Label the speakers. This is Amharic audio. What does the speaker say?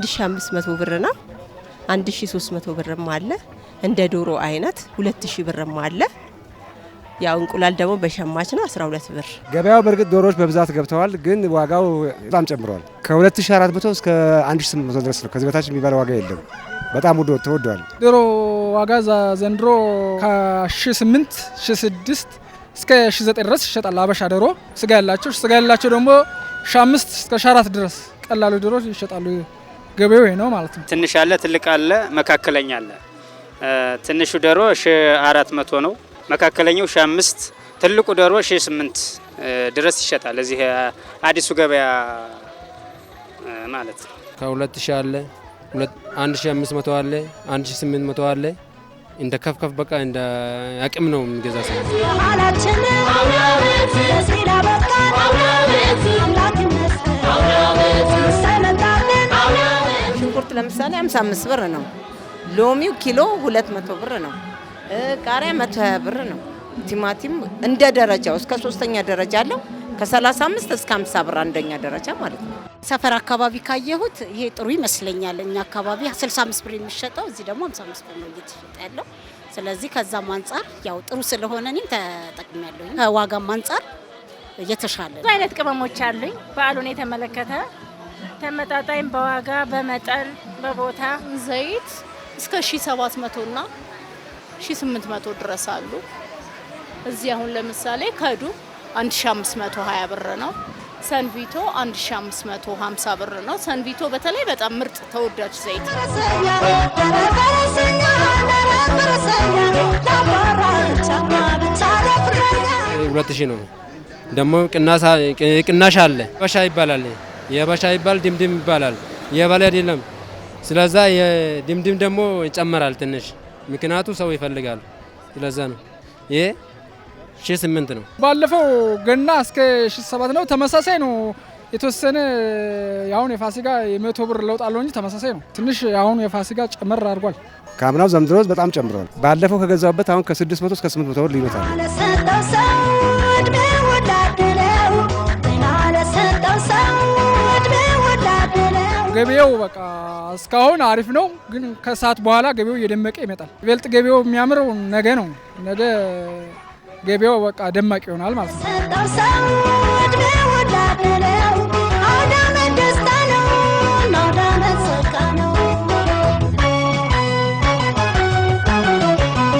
Speaker 1: 1500 ነው። 1300 ብርም አለ። እንደ ዶሮ አይነት 2000 ብርም አለ። ያው እንቁላል ደግሞ በሸማች ነው 12 ብር።
Speaker 2: ገበያው በእርግጥ ዶሮዎች በብዛት ገብተዋል፣ ግን ዋጋው በጣም ጨምሯል። ከ2400 እስከ 1800 ድረስ ነው። ከዚህ በታች የሚባል ዋጋ የለም። በጣም ውድ ተወዷል።
Speaker 3: ዶሮ ዋጋ ዘንድሮ ከ8 6 እስከ 9 ድረስ ይሸጣል። አበሻ ዶሮ ስጋ ያላቸው ስጋ ያላቸው ደግሞ 5 እስከ 4 ድረስ ቀላሉ ዶሮ ይሸጣሉ። ገበያው ነው ማለት ነው።
Speaker 4: ትንሽ አለ፣ ትልቅ አለ፣ መካከለኛ አለ። ትንሹ ዶሮ ሺ አራት መቶ ነው። መካከለኛው ሺ አምስት ትልቁ ዶሮ ሺ ስምንት ድረስ ይሸጣል። እዚህ አዲሱ ገበያ ማለት ነው።
Speaker 5: ከሁለት ሺ አለ፣ አንድ ሺ አምስት መቶ አለ፣ አንድ ሺ ስምንት መቶ አለ። እንደ ከፍከፍ በቃ እንደ አቅም ነው የሚገዛ ሰው
Speaker 1: ለምሳሌ 55 ብር ነው። ሎሚው ኪሎ 200 ብር ነው። ቃሪያ 120 ብር ነው። ቲማቲም እንደ ደረጃው እስከ ሶስተኛ ደረጃ አለው ከ35 እስከ 50 ብር አንደኛ ደረጃ ማለት ነው።
Speaker 6: ሰፈር አካባቢ ካየሁት ይሄ ጥሩ ይመስለኛል። እኛ አካባቢ 65 ብር የሚሸጠው እዚህ ደግሞ 55 ብር ነው እየተሸጠ ያለው። ስለዚህ ከዛም አንጻር ያው ጥሩ ስለሆነ እኔም ተጠቅሚያለሁ። ከዋጋም አንጻር እየተሻለ ብዙ
Speaker 7: አይነት ቅመሞች አሉኝ። በዓሉን የተመለከተ ተመጣጣኝ በዋጋ በመጠን በቦታ
Speaker 8: ዘይት እስከ ሺ 1700 እና 1800 ድረስ አሉ። እዚህ አሁን ለምሳሌ ከዱ 1520 ብር ነው። ሰንቪቶ 1550 ብር ነው። ሰንቪቶ በተለይ በጣም ምርጥ ተወዳጅ ዘይት።
Speaker 9: ሁለት ሺህ ነው። ደግሞ ቅናሽ አለ። በሻ ይባላል። የበሻ ይባል ድምድም ይባላል። የበላ አይደለም ስለዛ የድምድም ደግሞ ይጨመራል ትንሽ ምክንያቱ ሰው ይፈልጋል። ስለዛ ነው ይሄ ሺ ስምንት ነው።
Speaker 3: ባለፈው ገና እስከ ሺ ሰባት ነው። ተመሳሳይ ነው። የተወሰነ የአሁን የፋሲካ የመቶ ብር ለውጥ አለው እንጂ ተመሳሳይ ነው። ትንሽ አሁን የፋሲካ ጨመር አድርጓል።
Speaker 2: ከአምናው ዘንድሮስ በጣም ጨምሯል። ባለፈው ከገዛበት አሁን ከ600 እስከ መቶ ብር ሊመጣል።
Speaker 3: ገበያው በቃ እስካሁን አሪፍ ነው፣ ግን ከሰዓት በኋላ ገበያው እየደመቀ ይመጣል። ይበልጥ ገበያው የሚያምረው ነገ ነው። ነገ ገበያው በቃ ደማቅ ይሆናል ማለት ነው።